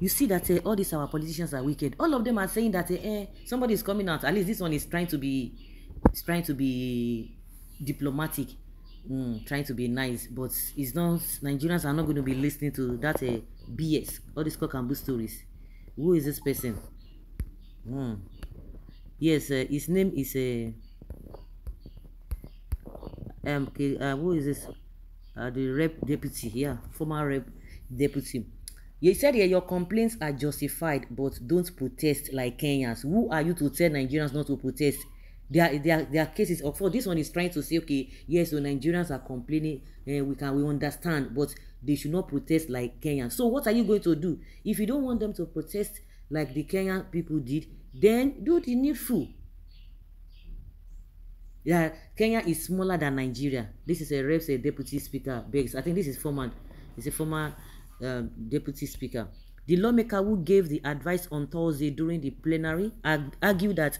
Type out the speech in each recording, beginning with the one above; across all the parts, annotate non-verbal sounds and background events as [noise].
you see that uh, all these our politicians are wicked. All of them are saying that uh, eh, somebody is coming out. At least this one is trying to be, is trying to be diplomatic, mm, trying to be nice. But it's not. Nigerians are not going to be listening to that uh, eh, BS. All these cock and bull stories. Who is this person? Mm. Yes, uh, his name is Uh, um, uh, who is this? Uh, the rep deputy here, yeah, former rep deputy. You said yeah, your complaints are justified, but don't protest like Kenyans. Who are you to tell Nigerians not to protest? Their their their cases. Of course, this one is trying to say, okay, yes, so Nigerians are complaining. Uh, we can we understand, but they should not protest like Kenyans. So what are you going to do if you don't want them to protest like the Kenyan people did? Then do the needful. Yeah, Kenya is smaller than Nigeria. This is a rep, a deputy speaker, begs. I think this is former. He's a former Uh, deputy Speaker. The lawmaker who gave the advice on Thursday during the plenary argued that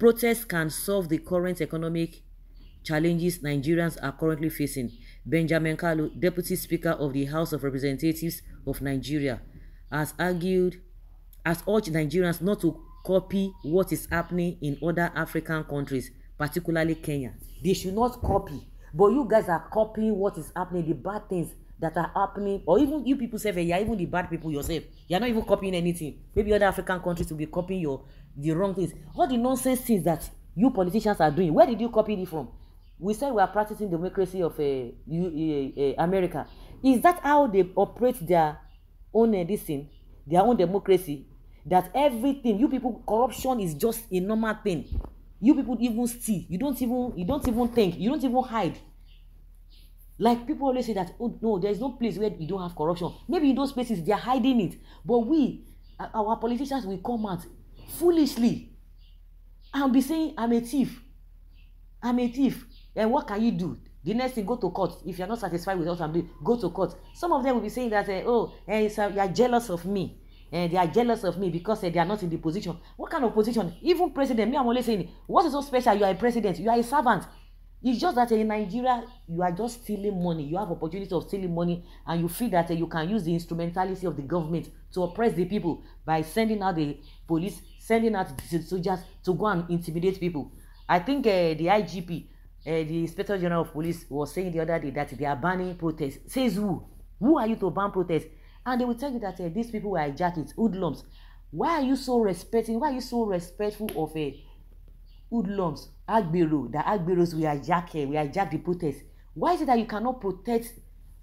protests can solve the current economic challenges Nigerians are currently facing. Benjamin Kalu, Deputy Speaker of the House of Representatives of Nigeria, has argued, has urged Nigerians not to copy what is happening in other African countries, particularly Kenya. They should not copy, but you guys are copying what is happening, the bad things that are happening, or even you people say, eh, are even the bad people yourself, You are not even copying anything. Maybe other African countries will be copying your the wrong things. All the nonsense things that you politicians are doing, where did you copy it from? We say we are practicing democracy of uh, uh, uh, America. Is that how they operate their own uh, this thing, their own democracy? That everything, you people, corruption is just a normal thing. You people even see, you don't even, you don't even think, you don't even hide like people always say that oh no there is no place where you don't have corruption maybe in those places they are hiding it but we our politicians will come out foolishly and be saying i'm a thief i'm a thief and what can you do the next thing go to court if you are not satisfied with what i'm doing go to court some of them will be saying that uh, oh eh, sir, uh, you are jealous of me eh, they are jealous of me because eh, they are not in the position what kind of position even president me i'm only saying what is so special you are a president you are a servant it's just that in nigeria you are just stealing money you have opportunity of stealing money and you feel that eh, you can use the instrumentality of the government to oppress the people by sending out the police sending out the soldiers to go and intimidate people i think uh, the igp uh, eh, the inspector general of police was saying the other day that they are banning protests. says who who are you to ban protests? and they will tell you that uh, these people were hijackers hoodlums why are you so respecting why are you so respectful of a uh, hoodlums, agbero, that agberos are hijack we are hijack the protest. Why is it that you cannot protect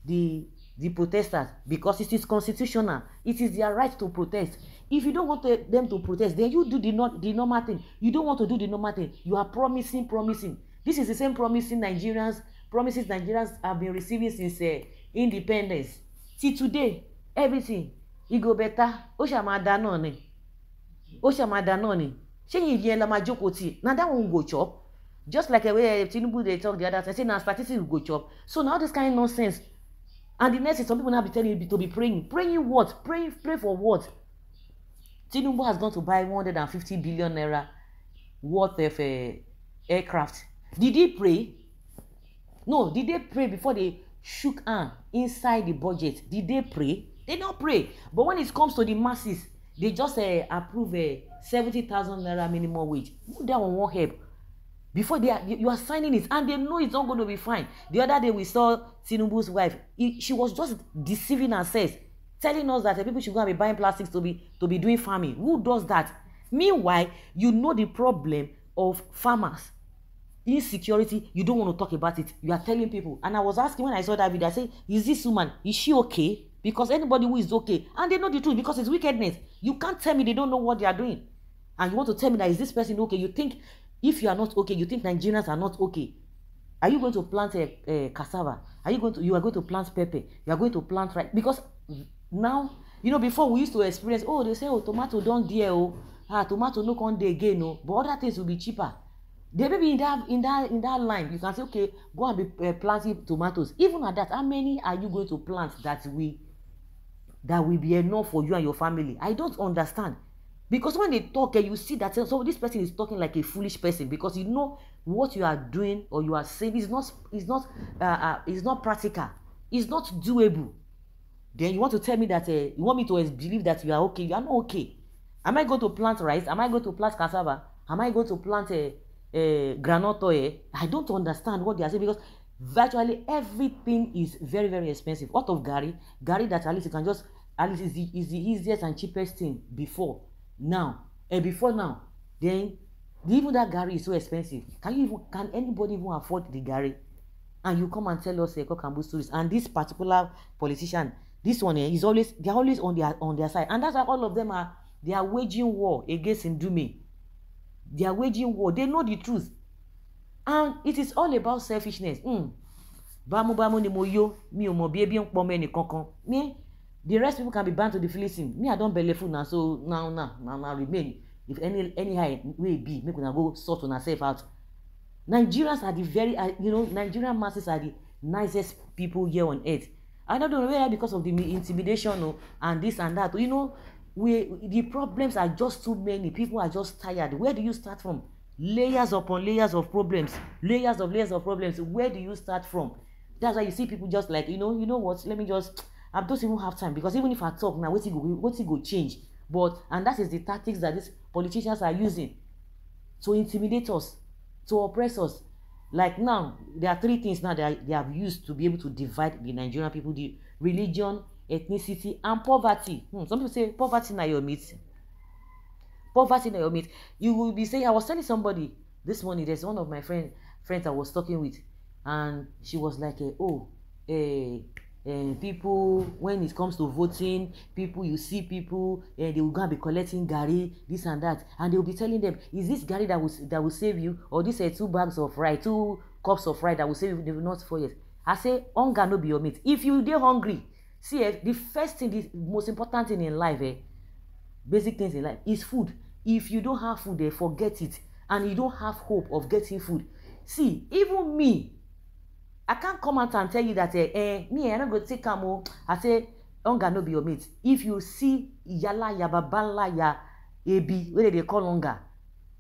the the protesters? Because it is constitutional. It is their right to protest. If you don't want to, them to protest, then you do the not the normal thing. You don't want to do the normal thing. You are promising, promising. This is the same promising Nigerians promises Nigerians have been receiving since uh, independence. Till today, everything e go better. Ó ṣàmàdà náà ni. Ó ṣàmàdà náà ni ṣé yìí yẹn la máa jókòó tì na that one go chop just like the way tinubu dey talk the other time say na statistics go chop so na all this kind of nonsense and the next thing some people now be telling you to be praying praying what praying pray for what tinubu has gone to buy one hundred and fifty billion naira worth of uh, aircraft did they pray no did they pray before they shook hand inside the budget did they pray they no pray but when it comes to the masses they just uh, approve a eh, seventy thousand naira minimum wage who that one won't help before they are you, are signing it and they know it's not going to be fine the other day we saw tinubu's wife he, she was just deceiving herself telling us that uh, people should go and be buying plastics to be to be doing farming who does that meanwhile you know the problem of farmers insecurity you don't want to talk about it you are telling people and i was asking when i saw that video i say is this woman is she okay Because anybody who is okay, and they know the truth because it's wickedness. You can't tell me they don't know what they are doing. And you want to tell me that is this person okay? You think if you are not okay, you think Nigerians are not okay. Are you going to plant a, a cassava? Are you going to you are going to plant pepper? You are going to plant right because now you know before we used to experience oh they say oh tomato don't dear oh ah tomato no on dey again oh but other things will be cheaper They may be in that in that in that line you can say okay go and be uh, planting tomatoes even at that how many are you going to plant that way? that will be enough for you and your family i don't understand because when they talk and eh, you see that so this person is talking like a foolish person because you know what you are doing or you are saying is not is not uh, uh, is not practical is not doable then you want to tell me that uh, you want me to believe that you are okay you are not okay am i going to plant rice am i going to plant cassava am i going to plant uh, eh, uh, groundnut oil i don't understand what they are saying because virtually everything is very very expensive what of garri garri that at least you can just at least is the is the easiest and cheapest thing before now eh before now then even that garri is so expensive can you even can anybody even afford the garri and you come and tell us eh kokambu stories and this particular politician this one eh is always they are always on their on their side and that's why all of them are they are waging war against ndume they are waging war they know the truth and it is all about selfishness mm. bámúbámú ni mo yó mi ò mọ̀ bí ebi ń pọmọ ẹnì kankan me the rest people can be bound to the philistine me i don belle full na so now now now now remain if any anyhow wey e be make una go sort una sef out nigerians are the very uh, you know nigerian masses are the nicest people here on earth i no know where because of the intimidation o oh, and this and that you know we the problems are just too many people are just tired where do you start from layers upon layers of problems layers of layers of problems where do you start from that's why you see people just like you know you know what let me just i don't even have time because even if i talk now wetin go wetin go change but and that is the tactics that these politicians are using to intimidate us to oppress us like now there are three things now that they have used to be able to divide the nigerian people the religion ethnicity and poverty hmm, some people say poverty na your meat poverty in your midst, you will be saying, I was telling somebody this morning, there's one of my friend, friends I was talking with, and she was like, eh, oh, eh, eh, people, when it comes to voting, people, you see people, eh, they will go and be collecting gari, this and that, and they will be telling them, is this gari that will, that will save you, or this uh, two bags of rice, two cups of rice that will save you, they will not for years. I say, hunger no be your meat. If you dey hungry, see, eh, the first thing, the most important thing in life, eh, basic things in life, is food if you don't have food there forget it and you don't have hope of getting food see even me i can't come out and tell you that eh, eh me i no go take am o i say hunger no be your mate if you see iyalaya babalaya ebi wey dem dey call hunger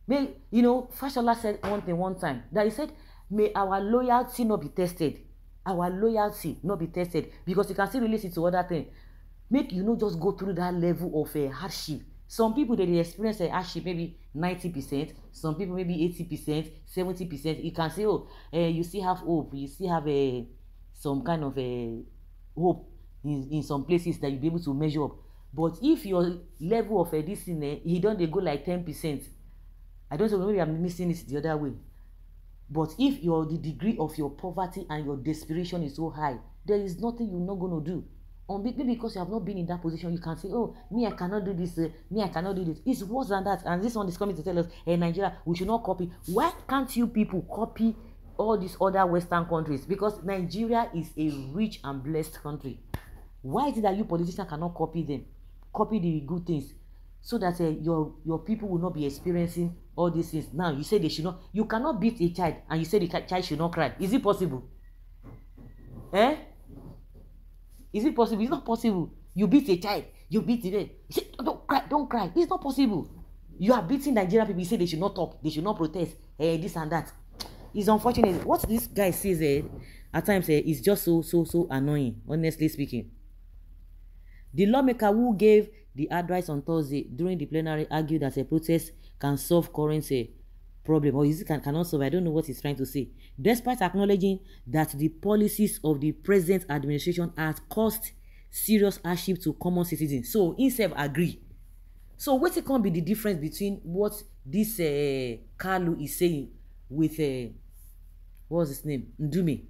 may you know fashola said one thing one time that he said may our loyalty not be tested our loyalty not be tested because you can still relate it to other things make you no just go through that level of uh, hardship some people dey dey experience uh, hardship maybe ninety percent some people maybe eighty percent seventy percent you can say oh uh, you still have hope you still have uh, some kind of uh, hope in in some places that you be able to measure up but if your level of uh, this thing uh, e don dey go like ten percent i don't know maybe i'm missing it the other way but if your the degree of your poverty and your desperation is so high there is nothing you're not gonna do Oh, maybe because you have not been in that position you can say oh me i cannot do this uh, me i cannot do this it's worse than that and this one is coming to tell us hey eh, nigeria we should not copy why can't you people copy all these other western countries because nigeria is a rich and blessed country why is it that you politicians cannot copy them copy the good things so that uh, your your people will not be experiencing all these things now you say they should not you cannot beat a child and you say the child should not cry is it possible eh Is it possible? It's not possible. You beat a child, you beat them. You say, don't cry, don't cry. It's not possible. You are beating Nigerian people. You say they should not talk, they should not protest, eh, this and that. It's unfortunate. What this guy says eh, at times eh, is just so, so, so annoying, honestly speaking. The lawmaker who gave the advice on Thursday during the plenary argued that a protest can solve current eh, problem or is it can, cannot solve. I don't know what he's trying to say. Despite acknowledging that the policies of the present administration has caused serious hardship to common citizens. So himself agree. So wetin come be the difference between what this uh, Kalu is saying with uh, what's his name Ndumi?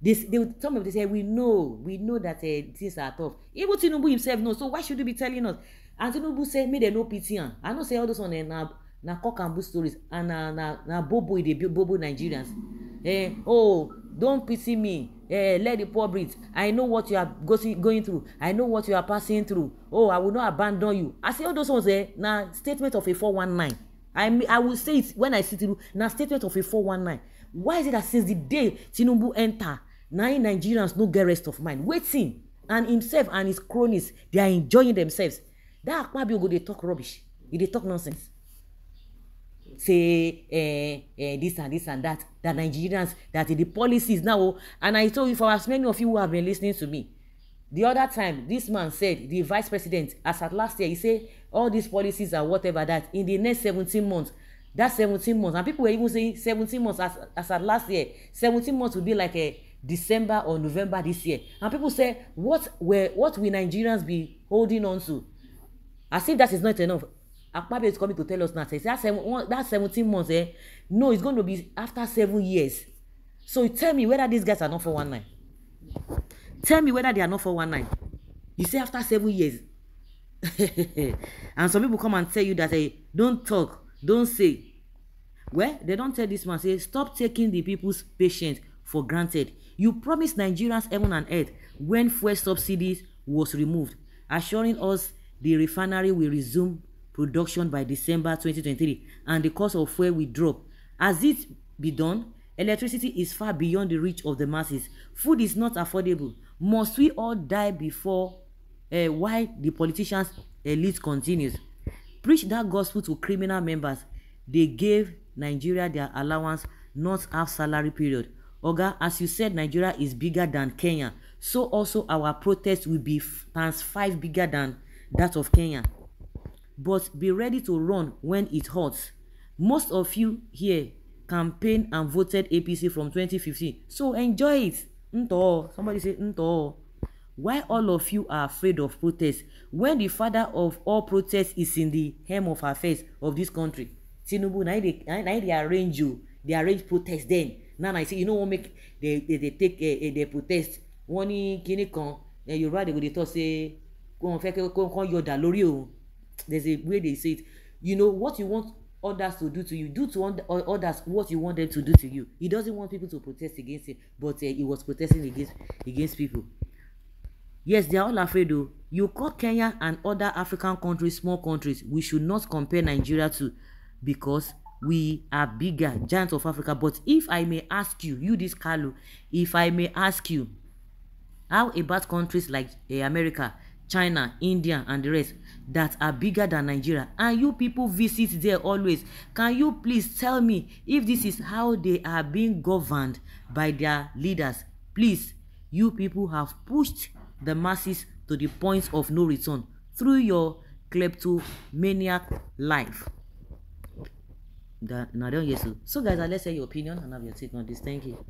This they would some of they say we know we know that uh, things are tough. Even Tinubu himself knows. So why should he be telling us? And Tinubu say make dem no pity am. I know say all those one eh, na na cock and bull stories and na na na bobo e dey bobo nigerians eh oh don pity me eh let the poor breathe i know what you are going through i know what you are passing through oh i will not abandon you i say all those ones eh na statement of a four one nine i mean i will say it when i see through na statement of a four one nine why is it that since the day tinubu enter nine nigerians no get rest of mind wetin and himself and his cronies they are enjoying themselves that akpabio go dey talk rubbish he dey talk nonsense say uh, uh, this and this and that that nigerians that the policies now oh and i told you for as many of you who have been lis ten ing to me the other time this man said the vice president as at last year he say all these policies and whatever that in the next seventeen months that seventeen months and people were even saying seventeen months as as at last year seventeen months would be like a eh, december or november this year and people say what were what will nigerians be holding on to as if that is not enough Akpabio is coming to tell us now. Says that seven, one, that seventeen months. Eh? No, it's going to be after seven years. So tell me whether these guys are not for one nine. Tell me whether they are not for one nine. You say after seven years. [laughs] and some people come and tell you that hey, eh, don't talk, don't say. Well, they don't tell this man say stop taking the people's patience for granted. You promised Nigerians heaven and earth when fuel subsidies was removed, assuring us the refinery will resume production by December 2023 and the cost of fuel will drop. As it be done, electricity is far beyond the reach of the masses. Food is not affordable. Must we all die before uh, eh, why the politicians elite eh, continues? Preach that gospel to criminal members. They gave Nigeria their allowance, not half salary period. Oga, as you said, Nigeria is bigger than Kenya. So also our protest will be times five bigger than that of Kenya but be ready to run when it hurts. Most of you here campaigned and voted APC from 2015, so enjoy it. Nto, somebody say Nto. Why all of you are afraid of protest when the father of all protest is in the hem of affairs of this country? Tinubu, na they, na they arrange you, they arrange protest then. Now I say you know what make they they, they take uh, eh, uh, eh, they protest. Wọ́n ní kíní kan, eh, Yorùbá dey go dey talk say kò wọ́n fẹ́ kó wọ́n yọ̀dà lórí òun there's a way they say it you know what you want others to do to you do to others what you want them to do to you he doesn't want people to protest against him but uh, he was protesting against against people yes they are all afraid o you call kenya and other african countries small countries we should not compare nigeria to because we are bigger giants of africa but if i may ask you you this Carlo, if i may ask you how about countries like uh, america china india and the rest that are bigger than nigeria and you people visit there always can you please tell me if this is how they are being governed by their leaders please you people have pushed the masses to the point of no return through your kleptomaniac life that now so guys let's hear your opinion and have your take on this thank you